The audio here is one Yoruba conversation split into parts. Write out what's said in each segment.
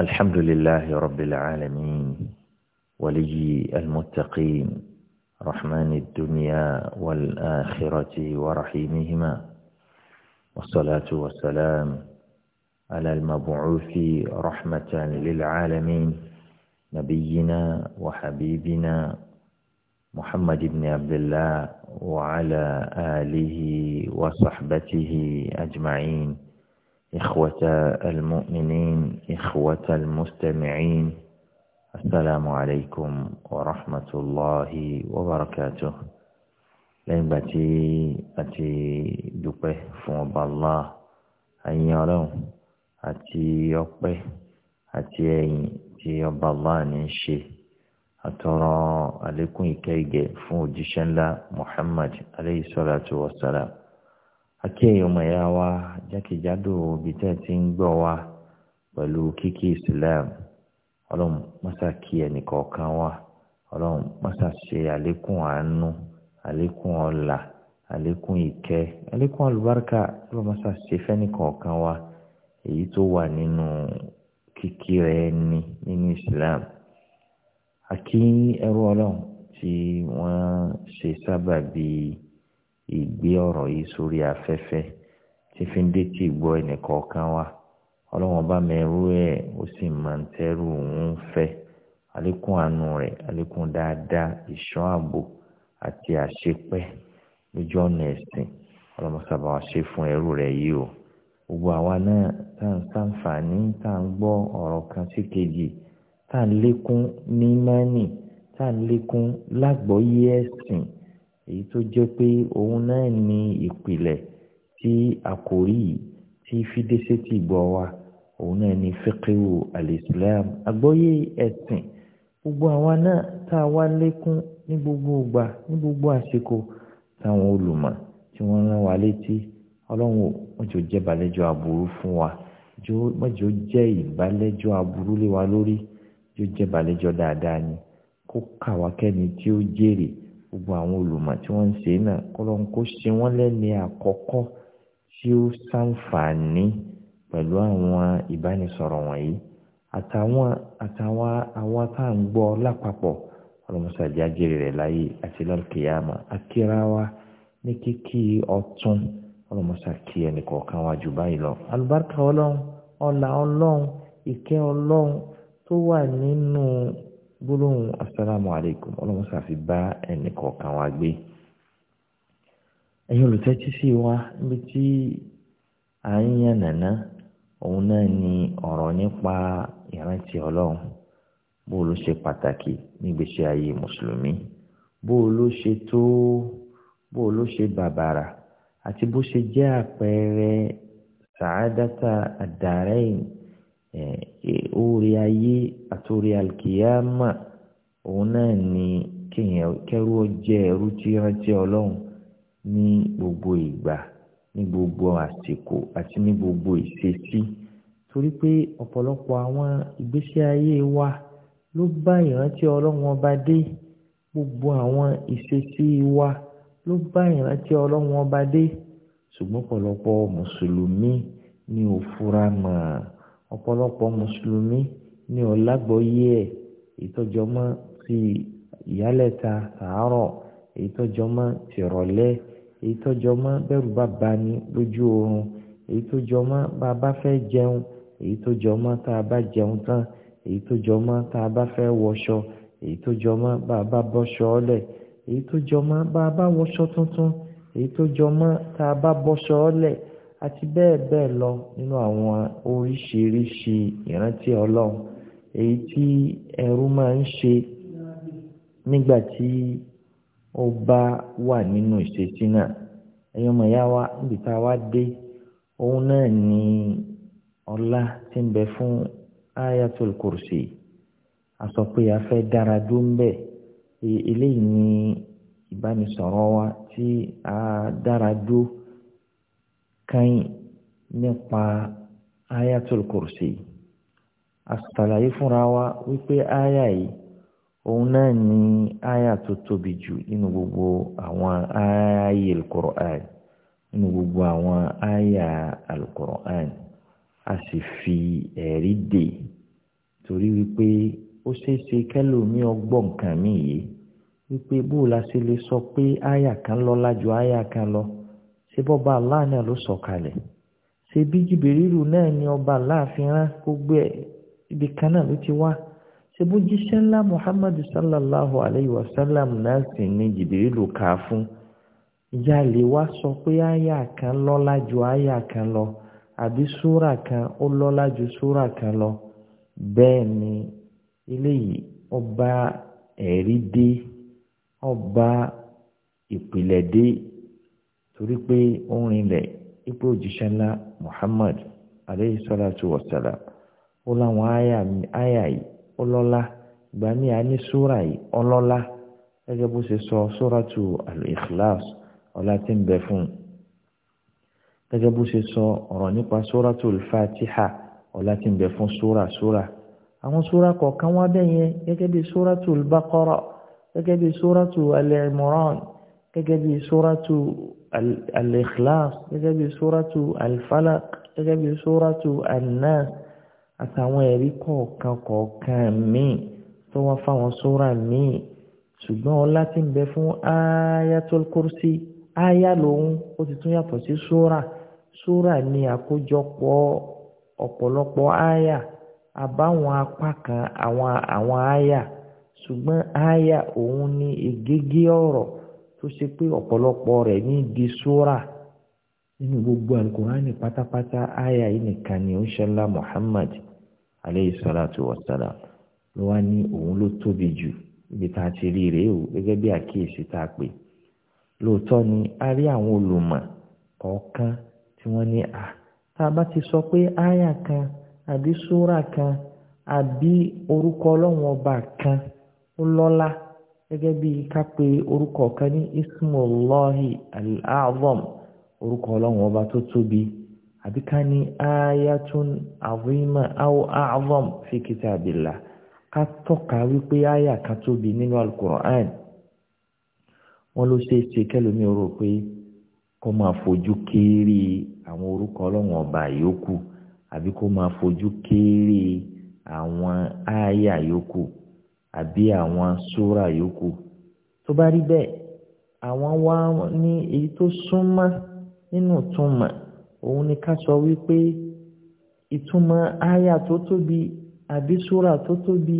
الحمد لله رب العالمين ولي المتقين رحمن الدنيا والآخرة ورحيمهما والصلاة والسلام على المبعوث رحمة للعالمين نبينا وحبيبنا محمد بن عبد الله وعلى آله وصحبته أجمعين إخوة المؤمنين إخوة المستمعين السلام عليكم ورحمة الله وبركاته لين باتي أتي دوبه فون بالله أن يرون أتي يوبه أتي تي يوب الله ننشي. أترى عليكم إكيجي فون جشن محمد عليه الصلاة والسلام akéèyàn ọmọ ẹ̀yà wa jákèjádò òbí tẹ́ ti ń gbọ́ wa pẹ̀lú kíkí islam ọlọ́run mọ́sá kí ẹnìkọ̀ọ̀kan wa ọlọ́run mọ́sá ṣe àlékún àánú àlékún alekun àlékún ìkẹ́ àlékún àlùbáríkà ọlọ́run mọ́sá ṣe fẹ́nìkọ̀ọ̀kan wa èyí tó wà nínú kíkí rẹ ni nínú islam akí ẹrú ọlọ́run tí wọ́n ṣe sábàbí ìgbé ọ̀rọ̀ yìí sórí afẹ́fẹ́ tí fi ń dé tí ìgbọ́ ẹnìkọ̀ọ̀kan wa ọlọ́wọ́n bá mẹ́rú ẹ̀ ó sì máa ń tẹ́rù òun fẹ́ àlékún àánú rẹ̀ àlékún dáadáa ìṣọ́ ààbò àti àṣepẹ́ lójú ọ̀nà ẹ̀sìn ọlọ́mọsábà wa ṣe fún ẹrú rẹ̀ yìí o gbogbo àwa náà tá à ń ṣàǹfààní tá à ń gbọ́ ọ̀rọ̀ kan sí kejì tá à ń lékún ní mánì tá à ń lékún lágbọ́yé ẹ̀sìn èyí tó jẹ́ pé òun náà ni ìpìlẹ̀ tí àkòrí yìí tí fídésẹ́ ti gbọ́ wa òun náà ni fíkíwù alìsílám àgbọ́yé ẹ̀sìn gbogbo àwa náà tá a wá lékún ní gbogbo ìgbà ní gbogbo àsìkò táwọn olùmọ̀ tí wọ́n rán wa létí ọlọ́run wọn jẹ́ ìbálẹ́jọ́ aburú fún wa wọn jẹ́ ìbálẹ́jọ́ aburú lé wa lórí jò jẹ́ ìbálẹ́jọ́ dáadáa ni kó kà wá kẹ́ni tí ó jèrè gbogbo àwọn olùmọ̀ tí wọ́n ń ṣe náà kọ́lọ́n kó ṣe wọ́n lẹ́ni àkọ́kọ́ tí ó ṣàǹfààní pẹ̀lú àwọn ìbánisọ̀rọ̀ wọ̀nyí àtàwọn àtàwọn àwọn tá à ń gbọ́ lápapọ̀ ọlọ́mọṣàjá jèrè rẹ̀ láyé àti lọ́kìyàmà akíráwa ní kíkí ọ̀tún ọlọ́mọṣàkí ẹnì kọ̀ọ̀kan wájú báyìí lọ alùbáríkà ọlọ́run ọlà ọlọ́run ìkẹ́ ọlọ́run tó wà nínú gbólóhùn asalaamu aleykum ọlọ́mọṣà fi bá ẹnì kọ̀ọ̀kan wa gbé ẹ̀yin olùtẹ́tí sí wa níbi tí à ń yàn nàná òun náà ni ọ̀rọ̀ nípa ìrántí ọlọ́run bó ló ṣe pàtàkì nígbèsè ayé mùsùlùmí bó ló ṣe tó bó ló ṣe bàbàrà àti bó ṣe jẹ́ àpẹẹrẹ sàádátà àdàrẹ́yìn oore ayé àti oore alkiyama òun náà ni kéèyàn kẹrù ọjẹ ẹrú tí rántí Ọlọ́run ní gbogbo ìgbà ní gbogbo àsìkò àti ní gbogbo ìṣesí torí pé ọ̀pọ̀lọpọ̀ àwọn ìgbésí ayé wa ló bá ìrántí Ọlọ́run ọba dé gbogbo àwọn ìṣesí wa ló bá ìrántí Ọlọ́run ọba dé ṣùgbọ́n ọ̀pọ̀lọpọ̀ mùsùlùmí ni ò fura mọ́ ọ ọ̀pọ̀lọpọ̀ mùsùlùmí ni ò lágbọ́yé ẹ̀ ìtọ́jọmọ́ ti ìyálẹ̀ta sàárọ̀ ìtọ́jọmọ́ tìrọ̀lẹ́ ìtọ́jọmọ́ bẹ́rù bá bani lójú oorun ìtọ́jọmọ́ bá a bá fẹ́ jẹun ìtọ́jọmọ́ tá a bá jẹun tán ìtọ́jọmọ́ tá a bá fẹ́ wọṣọ ìtọ́jọmọ́ bá a bá bọ́ṣọ ọ́lẹ̀ èyí tó jọ mọ́ bá a bá wọṣọ tuntun èyí tá a bá bọ́ṣọ ọ́lẹ̀ àti bẹ́ẹ̀ bẹ́ẹ̀ lọ nínú àwọn oríṣiríṣi ìrántí ọlọ́run èyí tí ẹrú máa ń ṣe nígbà tí ó bá wà nínú ìṣesí náà ẹ̀yin ọmọ ìyá wa níbi tá a wá dé òun náà ni ọlá tí ń bẹ fún ayatul kursi a sọ pé a fẹ́ dára dó ń bẹ̀ e-, eléyìí ni ìbánisọ̀rọ̀ wa tí a dára dó kẹ́yìn nípa ayatul kursi àṣàlàyé fúnra wa wípé aya yìí òun náà ni aya tó tóbi jù nínú gbogbo àwọn aya al-Qur'an nínú gbogbo àwọn aya al-Qur'an a sì fi ẹ̀rí dè torí wípé ó ṣeéṣe kẹlòmí ọgbọ́n nǹkan mi yìí wípé bó la ṣe lè sọ pé aya kan lọ́lá ju aya kan lọ. ṣe bọ́ba Allah náà ló sọ̀kalẹ̀ ṣe bí jìbìrìrù náà ni ọba Allah fi rán gbogbo ẹ̀ ibi kan náà ló ti wá ṣe bó jíṣẹ́ ńlá Muhammad sallallahu alayhi wa sallam náà sì ni jìbìrìrù kà á fún ìyá lè wá sọ pé àyà kan lọ́lá ju àyà kan lọ àbí súrà kan ó lọ́lá ju súrà kan lọ bẹ́ẹ̀ ni eléyìí ọba ẹ̀rí dé ọba ìpìlẹ̀ dé torí pé ó ń rinlẹ̀ ipò òjíṣẹ́ ńlá Muhammad aleyhi salatu wa salam ó láwọn àyà yìí ọlọ́lá ìgbà míì a ní súra yìí ọlọ́lá gẹ́gẹ́ bó ṣe sọ súratu al-ikhlas ọlá tí ń bẹ fún un gẹ́gẹ́ bó ṣe sọ ọ̀rọ̀ nípa súratu al-fatiha ọlá tí ń bẹ fún súra súra àwọn súra kọ̀ọ̀kan wá bẹ́ẹ̀ yẹn gẹ́gẹ́ bí súratu al-baqara gẹ́gẹ́ bí súratu al-imran gẹ́gẹ́ bí sóràtù al-ikhlas gẹ́gẹ́ bí sóràtù al-falaq gẹ́gẹ́ bí sóràtù an-nas àtàwọn ẹ̀rí kọ̀ọ̀kan kọ̀ọ̀kan míì tó wá fáwọn sóra míì ṣùgbọ́n ọlá tí ń bẹ fún ayatul kursi aya lòun ó ti tún yàtọ̀ sí sóra sóra ni àkójọpọ̀ ọ̀pọ̀lọpọ̀ aya àbáwọn apá kan àwọn àwọn aya ṣùgbọ́n aya òun ni ègégé ọ̀rọ̀ tó ṣe pé ọ̀pọ̀lọpọ̀ rẹ̀ ní di sóra nínú gbogbo alukurani pátápátá aya yìí nìkan ni ó ṣẹlá Muhammad aleyhi salatu wa salam ló wá ní òun ló tóbi jù ibi tá a ti rí rèé o gẹ́gẹ́ bí àkíyèsí tá a pè lóòótọ́ ni a rí àwọn olùmọ̀ kọ̀ọ̀kan tí wọ́n ní à tá a bá ti sọ pé aya kan àbí sóra kan àbí orúkọ ọlọ́wọ́n ọba kan ó lọ́lá. gẹ́gẹ́ bí ká pe orúkọ kan ní ismullahi al-azam orúkọ ọlọ́run ọba tó tóbi àbí ká ní ayatun azima aw azam fi kitabillah ká tọ́ka wípé aya kan tóbi nínú alukur'an wọn ló ṣe é ṣe kẹlòmí rò pé kó máa fojú kéré àwọn orúkọ ọlọ́run ọba yòókù àbí kó máa fojú kéré àwọn aya yòókù. àbí àwọn súrà yòókù tó bá rí bẹ́ẹ̀ àwọn wá ní èyí tó súnmọ́ nínú túmọ̀ òun ni ká sọ wípé ìtumọ̀ aya tó tóbi àbí súrà tó tóbi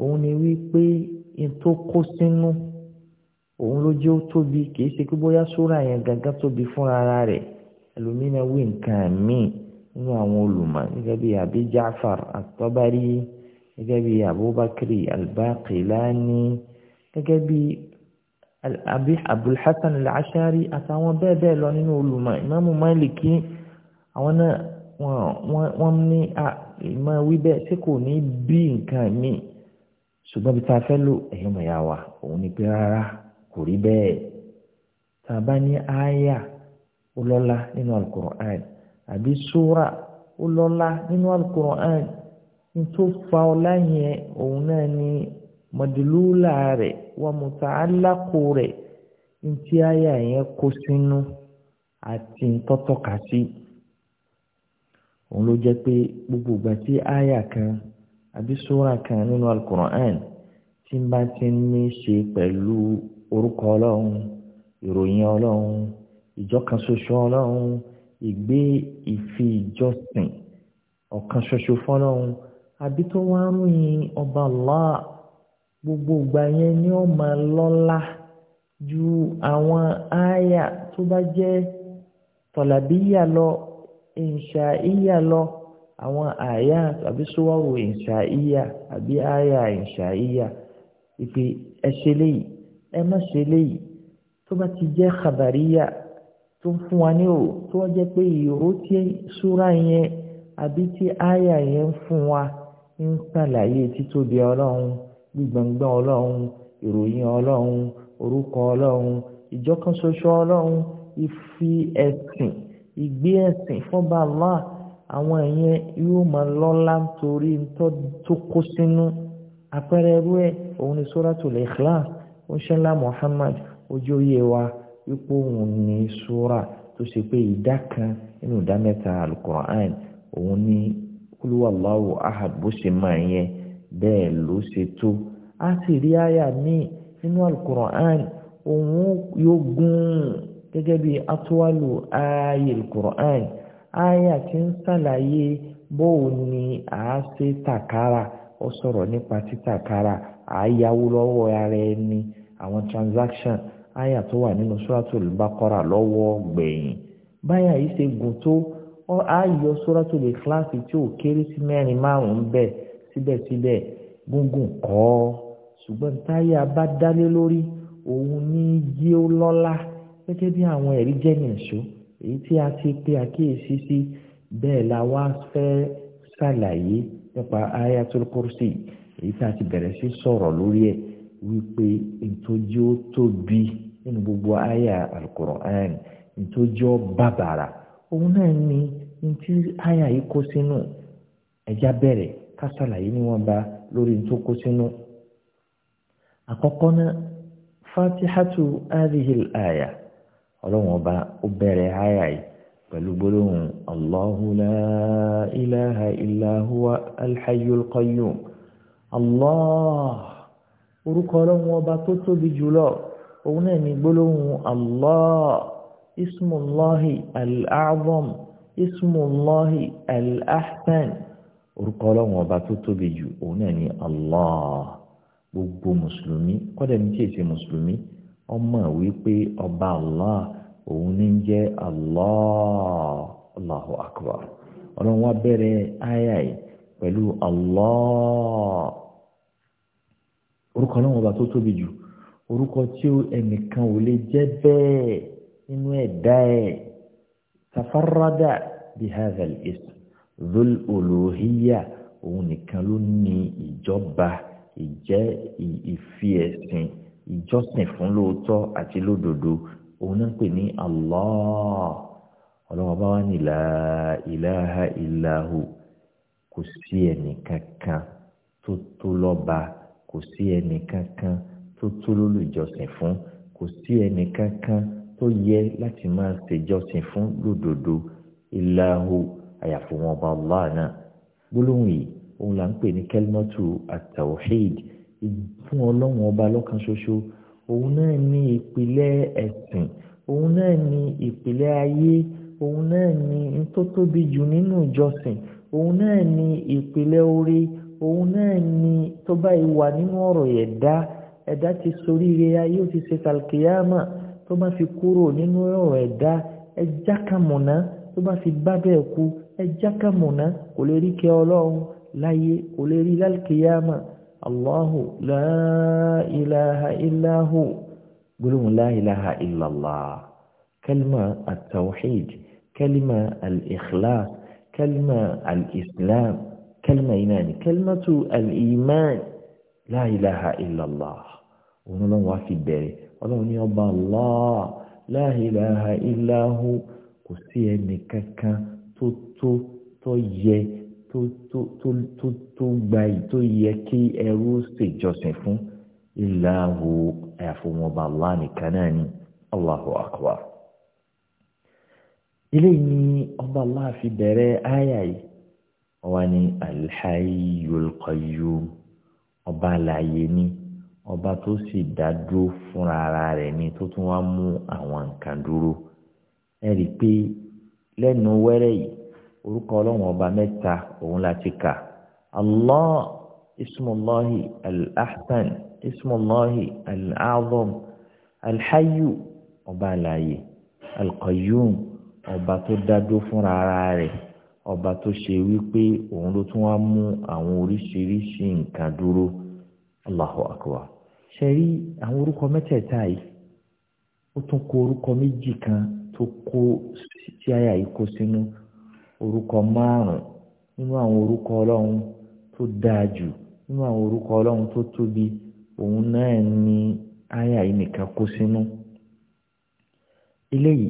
òun ni wípé n tó kó sínú òun ló jẹ́ ó tóbi kìí ṣe pé bóyá ara yẹn gangan tóbi fúnra rẹ̀ ẹlòmínà wí nǹkan míì Jaafar àtọ́bárí gẹ́gẹ́ bí abubakari albaqilani gẹ́gẹ́ bí abi abulhassan al-ashari àtàwọn bẹ́ẹ̀ bẹ́ẹ̀ lọ nínú olùmọ̀ ìmáàmù máìlìkì àwọn náà wọ́n ní ìmọ̀ wíbẹ̀ ṣé kò ní bí nǹkan mi ṣùgbọ́n bí ta fẹ́ lò ẹ̀yìn mọ̀yà wa òun ni pé rárá kò rí bẹ́ẹ̀ tá bá ní àyà ó lọ́lá nínú alukur'an àbí súra ó lọ́lá nínú alukur'an tó fa ọlá yẹn òun náà ni mọ̀dìlúlà rẹ̀ wà mọ̀tà alákò rẹ̀ ntí àyà yẹn kó sínú àti ntọ́tọ́ka sí òun ló jẹ́ pé gbogbo ìgbà tí àyà kan àbí sóra kan nínú alukur'an tí n bá ti ní ṣe pẹ̀lú orúkọ ọlọ́run ìròyìn ọlọ́run ìjọkan ọlọ́run ìgbé ìfi ìjọsìn ọ̀kan ṣoṣo fọlọ́run àbí tó wá ń yin ọba Allah gbogbo ìgbà yẹn ni ó máa lọ́lá ju àwọn àyà tó bá jẹ́ tọ̀làbíyà lọ ìṣà ìyà lọ àwọn àyà àbí sọ́wọ́rò ìṣà ìyà àbí àyà ìṣà ìyà ìpè ẹ ṣe léyìí ẹ má ṣe léyìí tó bá ti jẹ́ kàbàríyà tó ń fún wa ní o tó wá jẹ́ pé ìró tí súra yẹn àbí tí àyà yẹn fún wa ń ṣàlàyé títóbi ọlọ́run gbígbọ̀ngbọ́n ọlọ́run ìròyìn ọlọ́run orúkọ ọlọ́run ìjọkan ṣoṣo ọlọ́run ìfi ẹ̀sìn ìgbé ẹ̀sìn fọ́ba Allah àwọn ẹ̀yẹn yóò máa lọ́lá nítorí tó kó sínú àpẹẹrẹ ẹrú ẹ̀ òun ni suratul Ikhlas oṣẹ́lá Muhammad ojú oyè wa wípé òun ni sura tó ṣe pé ìdá kan nínú ìdá mẹ́ta Al-Qur'an òun ni kúlúwàláwò ahad bó ṣe máa yẹn bẹ́ẹ̀ ló ṣe tó a sì rí àyà míì nínú alukur'an òun yóò gún gẹ́gẹ́ bí atúwálù ààyè alukur'an àyà tí ń ṣàlàyé bóun ni a ṣe tàkàrà ó sọ̀rọ̀ nípa títàkàrà àyàwó lọ́wọ́ ara ẹni àwọn transaction àyà tó wà nínú suratul baqara lọ́wọ́ gbẹ̀yìn báyà yìí ṣe gùn wọ́n á yọ suratul ikhlas tí ò kéré sí mẹ́rin márùn-ún bẹ́ẹ̀ síbẹ̀síbẹ̀ gúngùn kọ́ ọ ṣùgbọ́n táyà bá dálé lórí òun ní yí ó lọ́lá gẹ́gẹ́ bí àwọn ẹ̀rí jẹ́yìn ẹ̀ṣọ́ èyí tí a ti pe àkíyèsí sí bẹ́ẹ̀ la wá fẹ́ ṣàlàyé nípa ayatul kursi èyí tí a ti bẹ̀rẹ̀ sí sọ̀rọ̀ lórí ẹ̀ wípé ìtọ́jú ó tóbi nínú gbogbo àyà al-Qur'an ìtọ́jú ó bàbàrà òun náà ni ntí àyà yìí kó sínú ẹ̀já bẹ̀rẹ̀ ká ṣàlàyé níwọ̀nba lórí tó kó sínú. àkọ́kọ́ náà fatihatu adihil àyà ọlọ́run ọba ó bẹ̀rẹ̀ àyà yìí pẹ̀lú gbólóhùn allahu la ilaha illa huwa alhayyul qayyum allah orúkọ ọlọ́run ọba tó tóbi jùlọ òun náà ni gbólóhùn allah. اسم الله الأعظم اسم الله الأحسن orúkọ ọba tó tóbi jù òun náà ni allah gbogbo mùsùlùmí kọ́dà ní kìí ṣe ọba allah òun ní ń allah allahu akbar ọlọ́run wá bẹ̀rẹ̀ nínú ẹ̀dá ẹ̀ tafarada bihazal ism dhul uluhiyya òun nìkan ló ní ìjọba ìjẹ́ ìfi ẹ̀sìn ìjọsìn fún lóòótọ́ àti lódodo òun náà ń pè ní Allah ọlọ́wọ́ bá wà ní la ilaha illahu kò sí ẹnì kankan tó tó lọ́ba kò sí ẹnì kankan tó tó lólùjọsìn fún kò sí ẹnì kankan tó yẹ láti máa ṣèjọsìn fún lódodo ìlàhù àyàfò wọn ọba Allah náà gbólóhùn yìí òun là ń pè ní kẹlmọ́tù àtàwọ̀hìd fún ọlọ́run ọba lọ́kan ṣoṣo òun náà ní ìpìlẹ̀ ẹ̀sìn òun náà ní ìpìlẹ̀ ayé òun náà ní tó tóbi jù nínú ìjọsìn òun náà ní ìpìlẹ̀ orí òun náà ní tó báyìí wà nínú ọ̀rọ̀ ẹ̀dá ẹ̀dá ti soríire ayé ó ti ṣe kàlkìyàmà tó bá fi kúrò nínú ọ̀rọ̀ ẹ̀dá ẹja kàmùnà tó bá fi bá bẹ́ẹ̀ kú ẹja kàmùnà kò lè rí kẹ́ ọlọ́run láyé kò lè rí lálkìyàmà allahu la ilaha illahu gbólóhùn la ilaha illallah kẹlímà àtàwíìd kẹlímà al-ikhlas kẹlímà al-islam tó al-iman la òun ló wá fi bẹ̀rẹ̀ ọlọ́run ní ọba Allah la ilaha illa hu kò sí ẹnì kankan tó tó tó yẹ tó tó tó tó gba yìí tó yẹ kí ẹrú ṣèjọsìn fún illa hu àyàfọwọ́n Allah nìkan náà ni Allahu akbar ilé ní ọba Allah fi bẹ̀rẹ̀ áyà yìí ọwọ́ ni al-hayyul qayyum ọba àlàyé ni ọba tó sì dá dúró fúnra ara rẹ̀ ni tó tún wá mú àwọn nǹkan dúró ẹ rí i pé lẹ́nu wẹ́rẹ́ yìí orúkọ ọlọ́run ọba mẹ́ta òun la ti kà allah ismullahi al-ahsan ismullahi al-azam al ọba àlàyé al ọba tó dá fúnra ara rẹ̀ ọba tó ṣe wípé òun ló tún wá mú àwọn oríṣiríṣi nǹkan dúró allahu akbar ṣe rí àwọn orúkọ mẹ́tẹ̀ẹ̀ta yìí ó tún kó orúkọ méjì kan tó kó tí àyà yìí kó sínú orúkọ márùn nínú àwọn orúkọ ọlọ́run tó dáa jù nínú àwọn orúkọ ọlọ́run tó tóbi òun náà ni àyà yìí nìkan kó sínú eléyìí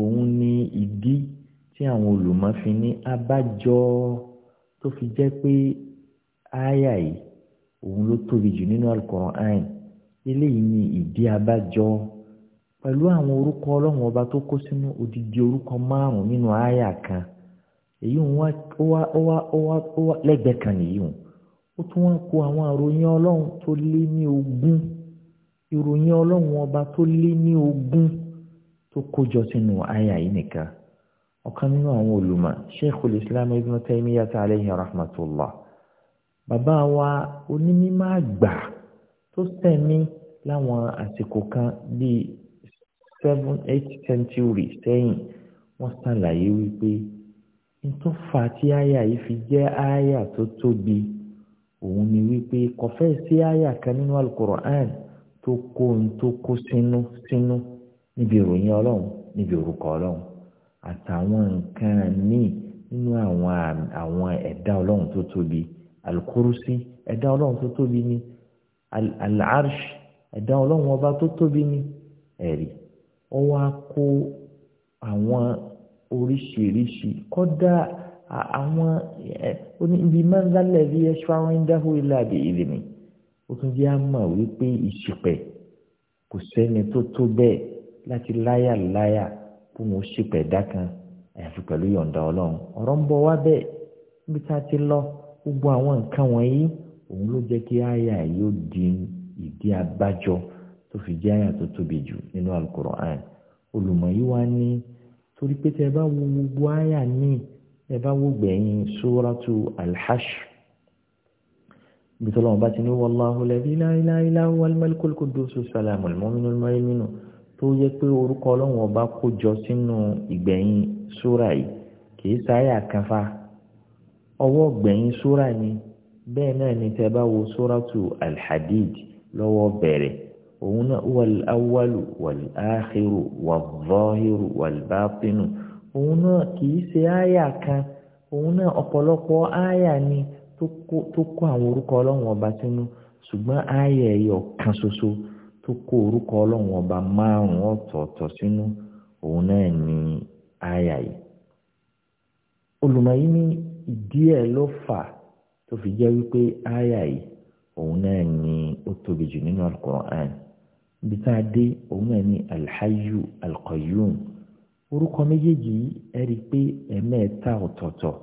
òun ni ìdí tí àwọn olùmọ̀ fi ní abájọ tó fi jẹ́ pé àyà yìí òun ló tóbi jù nínú Al-Qur'an eléyìí ni ìdí abájọ pẹ̀lú àwọn orúkọ ọlọ́run ọba tó kó sínú odidi orúkọ márùn-ún nínú àyà kan èyí ń wá ó wá ó wá ó wá ó wá lẹ́gbẹ̀ẹ́ kan nìyí ń ó tún wá kó àwọn àròyìn ọlọ́run tó lé ní ogún ìròyìn ọlọ́run ọba tó lé ní ogún tó kójọ sínú àyà yìí nìkan ọ̀kan nínú àwọn olùmọ̀ sheikhul islam ibn taymiyata aleyhi rahmatullah bàbá wa onímọ̀ àgbà tó sẹ̀mí láwọn àsìkò kan bíi seven eight century sẹ́yìn wọ́n ṣàlàyé wípé ntọ́fà tí àyà yìí fi jẹ́ àyà tó tóbi òun ni wípé kọfẹ́ sí àyà kan nínú alukur'an tó kó ń tó kó sínú sínú níbi ìròyìn ọlọ́run níbi orúkọ ọlọ́run àtàwọn nǹkan míì nínú àwọn àwọn ẹ̀dá ọlọ́run tó tóbi alukurusi ẹ̀dá ọlọ́run tó tóbi ni al-arsh ẹ̀dá ọlọ́run ọba tó tóbi ní ẹ̀rí ó wá kó àwọn oríṣiríṣi kọ́dà àwọn ibi mọ́ńdálẹ̀ bí ẹ̀ṣọ́rọ̀ ń dáhùn ilé àbí ilé mi ó tún jẹ́ àmọ̀ wípé ìṣìpẹ̀ kò sẹ́ni tó tó bẹ́ẹ̀ láti láyà láyà fún mo ṣìpẹ̀ dá àyàfi pẹ̀lú yọ̀ǹda ọlọ́run ọ̀rọ̀ ń bọ̀ wá bẹ́ẹ̀ níbi tá a ti lọ gbogbo àwọn nǹkan wọ̀nyí òun ló jẹ́ kí àyà yóò di ìdí abájọ tó fi jẹ́ àyà tó tóbi jù nínú alukur'an olùmọ̀ yìí wá ní torí pé tẹ́ ẹ bá wo gbogbo àyà míì ẹ bá wo gbẹ̀yìn suratu alḥashr bí tọ́lọ́wọ́n bá ti ní wallahu alladhi la ilaha illa huwa al-malikul quddus tó yẹ pé orúkọ ọlọ́run ọba kó jọ sínú ìgbẹ̀yìn sóra yìí kì í sáyà kan fa ọwọ́ gbẹ̀yìn sóra yìí bẹ́ẹ̀ náà ni tẹ́ bá wo sóràtù alhadid lọ́wọ́ bẹ̀rẹ̀ òun náà wàl awalu wàl áhìrù wàl zọ́hìrù wàl bátínù òun náà kìí ṣe áyà kan òun náà ọ̀pọ̀lọpọ̀ áyà ni tó kó àwọn orúkọ ọlọ́run ọba sínú ṣùgbọ́n áyà ẹ̀yọ̀ kan ṣoṣo tó kó orúkọ ọlọ́run ọba márùn-ún ọ̀tọ̀ọ̀tọ̀ sínú òun náà ni áyà yìí olùmọ̀ yìí ní ìdí ẹ̀ ló fà á tó fi jẹ́ wípé áyà yìí òun náà ni ó tóbi jù nínú alukur'an ibi tá a dé òun náà ni alhayu alqayyum orúkọ méjèèjì ẹ rí i pé ẹ̀mẹ́ẹ̀ta ọ̀tọ̀ọ̀tọ̀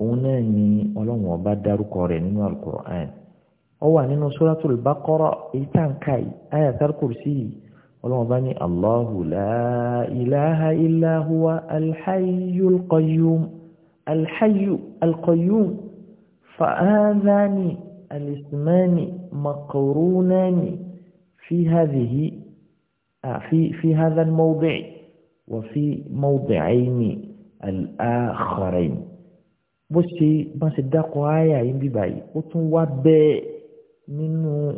òun náà ni ọlọ́run ọba dárúkọ rẹ̀ nínú alukur'an ó wà nínú suratul baqara èyí tá à ń ka yìí áyà sárkùrùsì yìí ọlọ́run bá ní allahu la ilaha illa huwa alhayu alqayyum alhayu alqayyum. فهذان الاسمان مقرونان في هذه آه، في في هذا الموضع وفي موضعين الآخرين بوسي ما صدقوا آية يمبي باي وتنوى منه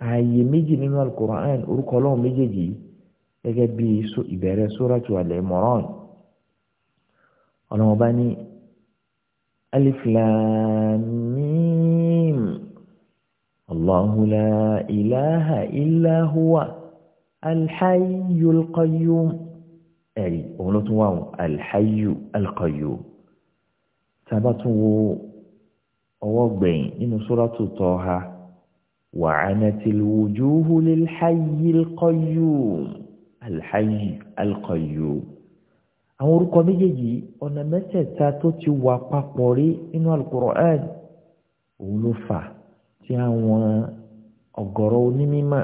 هاي ميجي nínú القرآن oruko ميجي ọlọ́run méjèèjì gẹ́gẹ́ bí ìbẹ̀rẹ̀ sóràtù Al-Imran ọlọ́run ألف لام ميم الله لا إله إلا هو الحي القيوم أي ونطوع الحي القيوم ثبتوا أوضعين إن سورة طه وعنت الوجوه للحي القيوم الحي القيوم àwọn orúkọ méjèèjì ọ̀nà mẹ́tẹ̀ẹ̀ta tó ti wà papọ̀ rí nínú alukur'an òun ló fà tí àwọn ọ̀gọ̀rọ̀ onímọ̀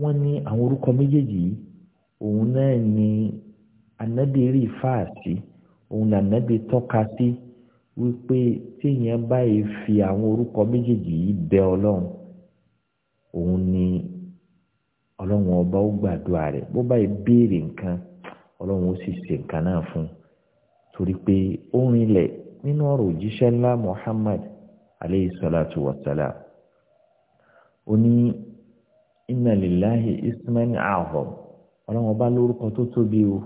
wọ́n ní àwọn orúkọ méjèèjì òun náà ni anabi rí fáàsì òun anabi tọ́ka sí wípé téèyàn báyìí fi àwọn orúkọ méjèèjì yìí bẹ ọlọ́run òun ọba ó gbàdúrà rẹ̀ bó báyìí ọlọ́run ó sì ṣe nǹkan náà fún un torí pé ó rinlẹ̀ nínú ọ̀rọ̀ òjíṣẹ́ ńlá Muhammad aleyhi salatu wa salam ó ní inna lillahi ahom ọlọ́run ọba lórúkọ tó tóbi o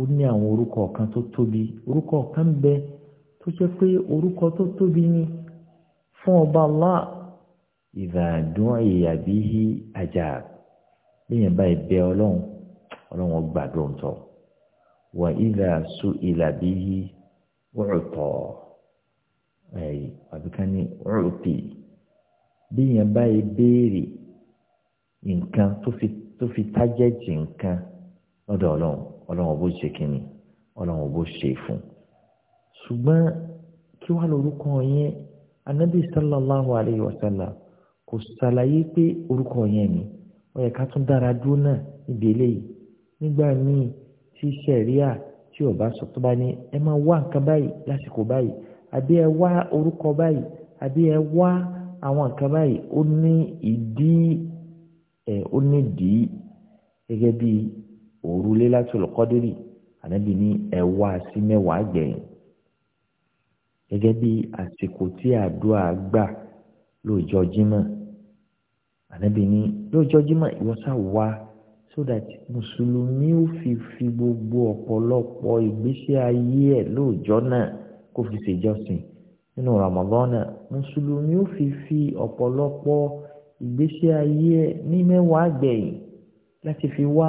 ó ní àwọn orúkọ kan tó tóbi orúkọ kan bẹ tó jẹ́ pé orúkọ tó tóbi ni fún ọba Allah ìdàdún ìyàbí ajá bí yẹn ọlọ́wọ́n gbàdúrà ń wà ìlà su ìlà bí yí wọ́ọ̀tọ̀ ẹ̀yìn àbíkan wọ́ọ̀tì bí yẹn báyìí tó fi tájẹ́jì nǹkan lọ́dọ̀ ọlọ́run ọlọ́run bó ṣe kínní ọlọ́run bó ṣe fún ṣùgbọ́n kí wa sallam kò ṣàlàyé pé orúkọ yẹn ni yẹ ká nígbà míì tí sẹ̀ríà tí ò bá sọ tó bá ní ẹ máa wá nǹkan báyìí lásìkò báyìí àbí ẹ wá orúkọ báyìí àbí ẹ wá àwọn nǹkan báyìí ó ní ìdí ẹ ó ní dì í gẹ́gẹ́ bí òru Laylatul Qadri ànábì ní ẹ wá sí mẹ́wàá gbẹ̀yìn gẹ́gẹ́ bí àsìkò tí àdúrà gbà lọ́jọ́ Jímọ̀ ànábì ní lọ́jọ́ Jímọ̀ ìwọ́sà wá so that mùsùlùmí ó fi fi gbogbo ọ̀pọ̀lọpọ̀ ìgbésí ayé ẹ̀ lóòjọ́ náà kó fi ṣèjọsìn nínú Ramadan náà mùsùlùmí ó fi fi ọ̀pọ̀lọpọ̀ ìgbésí ayé ẹ̀ ní mẹ́wàá gbẹ̀yìn láti fi wá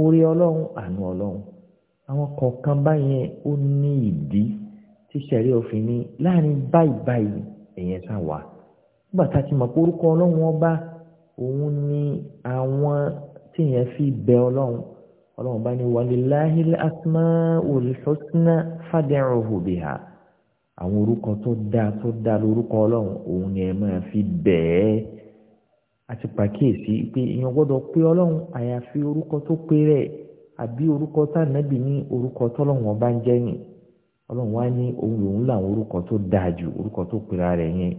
orí ọlọ́run àánú ọlọ́run àwọn kọ̀ọ̀kan báyẹn ó ní ìdí tí sẹ̀rí òfin ní láàrin báyìí báyìí èèyàn sá wà nígbà tá a ti mọ̀ pé orúkọ ọlọ́run ọba òun ni àwọn tíyẹn fi bẹ ọlọ́run ọlọ́run bá ní walillahil asmaul husna fad'uhu biha àwọn orúkọ tó dáa tó dáa lórúkọ ọlọ́run òun ni ẹ máa fi bẹ̀ẹ́ àti pàkíyèsí pé èèyàn gbọ́dọ̀ pé ọlọ́run àyàfi orúkọ tó pé rẹ̀ àbí orúkọ tànàbì ní orúkọ tọ́lọ́run ọba ń jẹ́ nì ọlọ́run wá ní òun lòun làwọn orúkọ tó dáa jù orúkọ tó pera rẹ̀ yẹn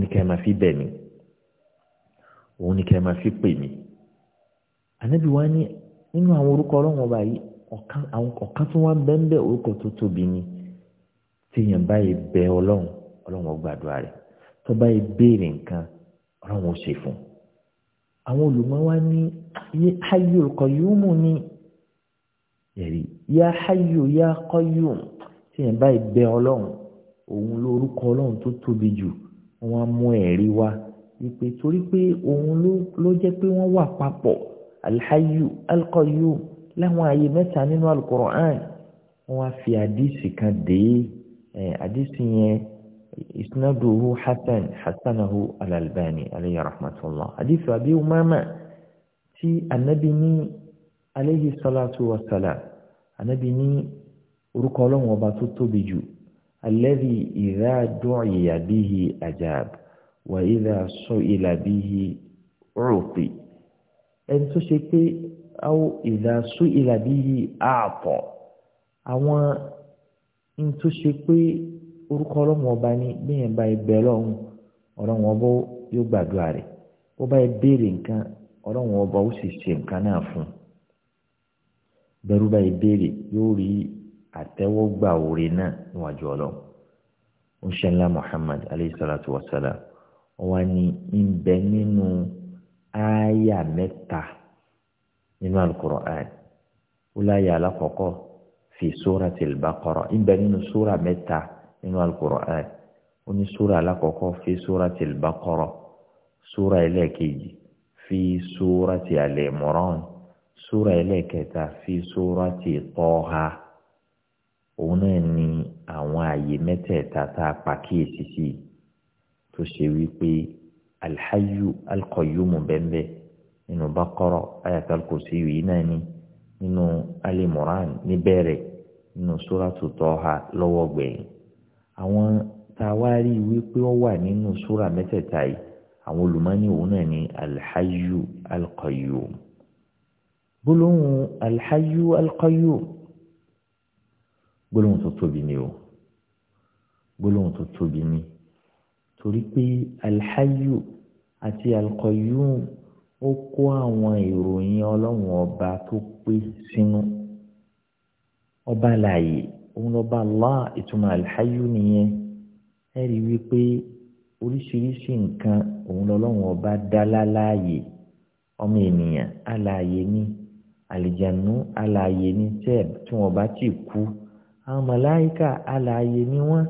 ni kẹ́ fi bẹ̀ mí. òun ni kẹ́ máa fi pè mí ànábì wa ní nínú àwọn orúkọ ọlọ́run ọba yìí ọ̀kan àwọn ọ̀kan tó wá ń bẹ́ ń bẹ́ orúkọ tó tóbi ni téèyàn báyìí bẹ ọlọ́run ọlọ́run gbàdúrà rẹ̀ tó báyìí béèrè nǹkan ọlọ́run ó ṣe fún un àwọn olùmọ̀ wa ní Hayyul Qayyum ni yẹ̀rí yá Hayyu yá Qayyum téèyàn báyìí bẹ ọlọ́run òun lórúkọ ọlọ́run tó tóbi jù wọ́n á mú ẹ̀rí wá ìpè torí pé òun ló jẹ́ pé wọ́n wà papọ̀ alhayu alqayyum láwọn àyè mẹ́ta nínú alukoran wọ́n wá fi àdìsí kan dé àdìsí yẹn isnaduhu hasan hasanahu alalbani aleyhi rahmatulah àdìsí abi umama tí anabi ní aleyhi salatu wa salam anabi ní orúkọ ọlọ́run ọba tó tóbi jù alladhi idha du'iya bihi ajab. wa sọ ìlà bí i rọpè ẹni tó ṣe pé àwọn ìlà sọ ìlà bí i àpọ àwọn ní tó ṣe pé orúkọ ọba ní bíyẹn bá ẹgbẹ́ ọlọ́run ọlọ́run ọba yóò gbàdúrà rẹ̀ ó bá ẹ béèrè nǹkan ọba ó sì ṣe nǹkan náà wa salam. wọn ni ń bẹ nínú ááyà mẹ́ta nínú Al-Qur'an wúláyà alákọ̀ọ́kọ́ fi Suratil Baqara ń bẹ nínú sóra mẹ́ta nínú Al-Qur'an oní sóra alákọ̀ọ́kọ́ fi Suratil Baqara sóra ẹlẹ́ẹ̀kejì fi Surati Al-Imran sóra ẹlẹ́ẹ̀kẹta fi Surati Taha òun náà ni àwọn àyè mẹ́tẹ̀ẹ̀ta tá a pàkíyèsí sí i tó ṣe wípé alhayu alqayyumu bẹ́ẹ̀ nínú Baqara ayatul kursi yìí náà ni nínú Ali Imran níbẹ̀rẹ̀ nínú suratu Taha lọ́wọ́ gbẹ̀yìn àwọn tá a wá rí wípé ó wà nínú sura mẹ́tẹ̀ẹ̀ta yìí àwọn olùmọ́ni òun náà ni alhayu alqayyum gbólóhùn alhayu alqayyum gbólóhùn tó tóbi ni o gbólóhùn tó tóbi ni torí pé alhayu àti alqayyum ó kó àwọn ìròyìn ọlọ́run ọba tó pé sínú ọba láàyè òun lọ́ba Allah ìtumọ̀ alhayu nìyẹn ẹ rí i wípé oríṣiríṣi nǹkan òun lọ́lọ́run ọba dá láláàyè ọmọ ènìyàn aláàyè ni àlìjànú aláàyè ni tẹ́ẹ̀ tí wọ́n bá ti kú àwọn màláìkà aláàyè ni wọ́n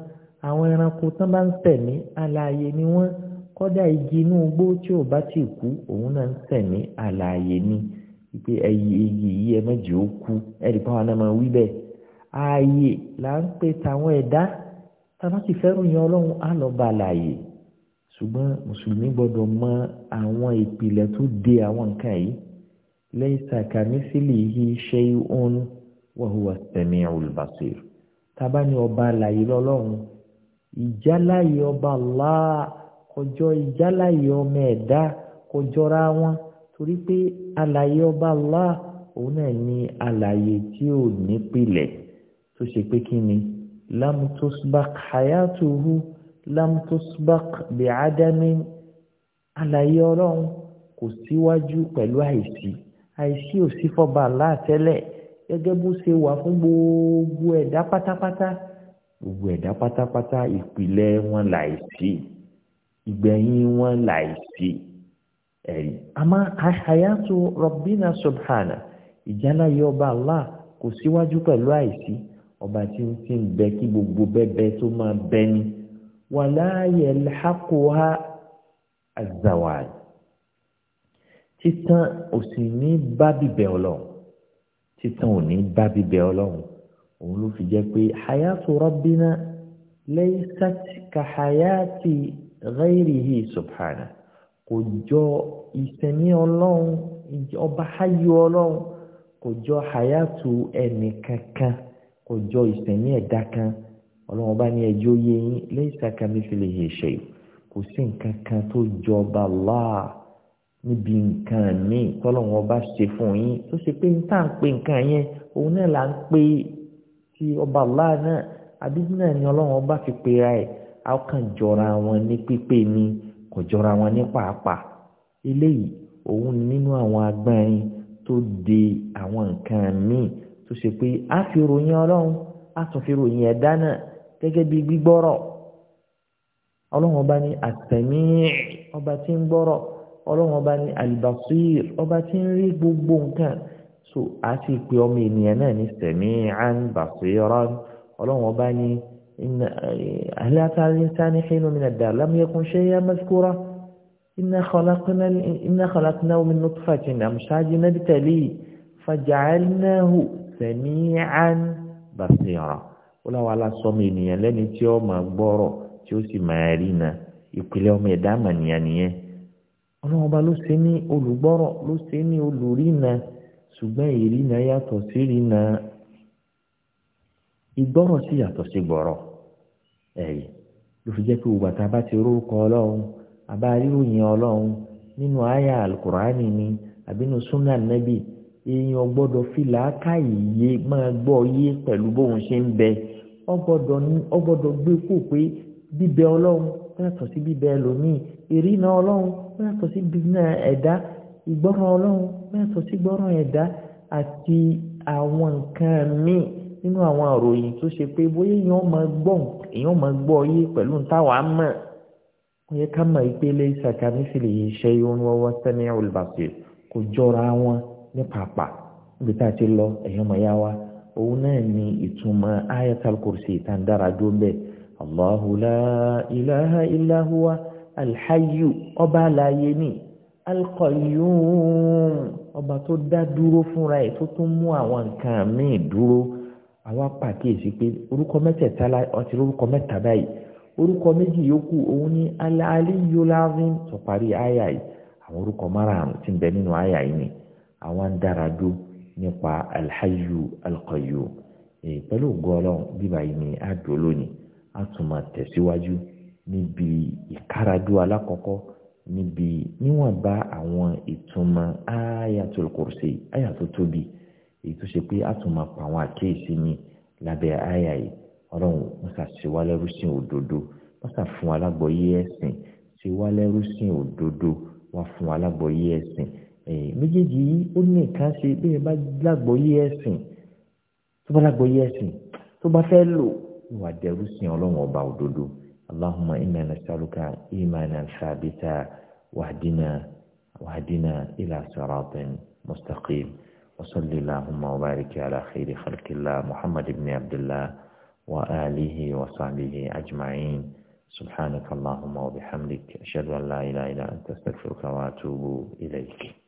àwọn ẹranko tán bá ń tẹ̀mí alààyè ni wọ́n kọ́dà igi inú igbó tí ò bá ti kú òun náà ń tẹ̀mí alààyè ni pé ẹyẹ ẹyẹ yìí ẹ mẹ́jọ ó kú ẹ̀rí báwọn náà máa wí bẹ́ẹ̀ ààyè là ń pè tàwọn ẹ̀dá tàbá ti fẹ́ràn yan ọlọ́run á lọ bá alààyè ṣùgbọ́n mùsùlùmí gbọ́dọ̀ mọ àwọn ìpìlẹ̀ tó de àwọn nǹkan yìí laysa kamithlihi shay'un wa huwa as-sami'ul basir tàbá ni ọba alààyè lọ́lọ́run ìjáláyé ọba Allah kọjọ ìjáláyé ọmọ ẹ̀dá kọjọra wọn torí pé àlàyé ọba Allah òun náà ní àlàyé tí ò nípìlẹ̀ tó ṣe pé kí ni lam tusbaq hayatuhu lam tusbaq bi'adami àlàyé ọlọ́run kò síwájú pẹ̀lú àìsí àìsí ò sí fọba Allah tẹ́lẹ̀ gẹ́gẹ́ bó ṣe wà fún gbogbo ẹ̀dá pátápátá gbogbo ẹ̀dá pátápátá ìpìlẹ̀ wọn láìsí ìgbẹ̀yìn wọn láìsí ẹ̀rí àmọ́ àyàtò rọ̀bìnà subhana ìjánà yọ ọba allah kò síwájú pẹ̀lú àìsí ọba tí ń ti ń bẹ kí gbogbo bẹ́bẹ́ tó máa bẹ ni wàláyé lákòóhá azawaj títan ò sì ní bá bíbẹ ọlọ́run títan ò ní bá bíbẹ ọlọ́run òun ló fi jẹ́ pé hayatu rabbina laysat ka hayati ghairihi subhana kò jọ ìsẹ̀mí ọlọ́run ọba hayu ọlọ́run kò jọ hayatu ẹnì kankan kò jọ ìsẹ̀mí ẹ̀dá kan ọlọ́run bá ní ẹjọ́ yé yín laysa kamithlihi shay kò sí nǹkan kan tó jọba láà níbi nǹkan míì tọ́lọ́run ọba ṣe fún yín tó ṣe pé ń tà nǹkan yẹn òun náà là ń pe tí ọba Allah náà àdúgbò ni ọlọ́run ọba ti pe ra ẹ̀ jọra wọn ní pípé ni kò wọn ní pàápàá eléyìí òun nínú àwọn agbárin tó de àwọn nǹkan míì tó ṣe pé a fi ròyìn ọlọ́run a tún fi ròyìn ẹ̀dá náà gẹ́gẹ́ bí gbígbọ́rọ̀ ọba ní ọba tí ń gbọ́rọ̀ ọba ní ọba tí ń gbogbo nǹkan so a sì pe ọmọ ènìyàn náà ní sami'an basiran ọlọ́run ọba ní aláàtàrí sáni hinu min ad-dar lam yakun shay'an mazkura inna khalaqna inna khalaqnahu min nutfatin amshajin nabtalihi faja'alnahu sami'an basira wọ́n làwọn aláṣọmọ ènìyàn lẹ́ni tí ó máa gbọ́rọ̀ tí ó sì máa rí na ìpìlẹ̀ ọmọ ẹ̀dá àmànìyàn nìyẹn ọlọ́run ọba ló ṣe ní olùgbọ́rọ̀ ló ṣe ní olùrí na ṣùgbọ́n ìrìnà yàtọ̀ sí ìrìnà ìgbọ́rọ̀ sí yàtọ̀ sí gbọ́rọ̀ ẹ̀yìn ló fi jẹ́ pé ògbà tá a bá ti rúkọ ọlọ́run a ríròyìn ọlọ́run nínú àyà alukur'ani ni àbínú súnà nẹ́bì èèyàn gbọ́dọ̀ fi làákàyè yé máa gbọ́ yé pẹ̀lú bóun ṣe ń bẹ ọ gbọ́dọ̀ gbé kó pé bíbẹ ọlọ́run yàtọ̀ sí bíbẹ ẹlòmíì ìrìnà ọlọ́run yàtọ̀ sí bíbẹ ẹ̀dá ìgbọ́ràn ọlọ́run yàtọ̀ sí gbọ́ràn ẹ̀dá àti àwọn nǹkan míì nínú àwọn àròyìn tó ṣe pé bóyá èèyàn máa gbọ́ èèyàn máa gbọ́ yé pẹ̀lú táwa mọ̀ ó yẹ ká mọ̀ ìpele ìsàkàmísìlè yìí ṣe irun wọ́wọ́ sẹ́mi olùbàṣẹ kò jọra wọn ní pàápàá níbi tá a ti lọ èèyàn máa yá wa òun náà ni ìtumọ̀ ayatul kursi ìtàndára dún bẹ́ẹ̀ Allahu la ilaha illa huwa alhayyu ọba àlàyé nìyí alqayyum ọba tó dá dúró fúnra ẹ̀ tó tún mú àwọn nǹkan míì dúró àwa pàkíyèsí pé orúkọ mẹ́tẹ̀ẹ̀ta ọtí orúkọ mẹ́ta báyìí orúkọ méjì yòókù òun ní al-aliyyul azim tó parí àyà yìí àwọn orúkọ márààrún tí ń bẹ nínú àyà yìí ni àwọn ń dára dó nípa alhayyu alqayyum èyí pẹ̀lú gọ́ọ̀lọ́ bíbá yìí ni àdó lónìí a tún máa tẹ̀síwájú níbi ìkáradó alákọ̀ọ́kọ́ níbi níwọ̀nba àwọn ìtumọ̀ ayatul kursi aya tó tóbi èyí tó ṣe pé a tún máa pa àwọn àkíyèsí mi lábẹ́ aya yìí ọlọ́run wọ́n ṣàṣì wá lẹ́rú sí òdodo wọ́n ṣàfún alágbọ̀yé ẹ̀sìn ṣe wá lẹ́rú sí òdodo wọ́n fún alágbọ̀yé ẹ̀sìn méjèèjì yìí ó ní nǹkan ṣe bí ẹ bá lágbọ̀yé ẹ̀sìn tó bá lágbọ̀yé ẹ̀sìn tó bá fẹ́ lò ìwà dẹrú sí ọlọ́run ọba òdodo. اللهم إنا نسألك إيمانا ثابتا واهدنا واهدنا إلى صراط مستقيم وصل اللهم وبارك على خير خلق الله محمد بن عبد الله وآله وصحبه أجمعين سبحانك اللهم وبحمدك أشهد أن لا إله إلا أنت أستغفرك وأتوب إليك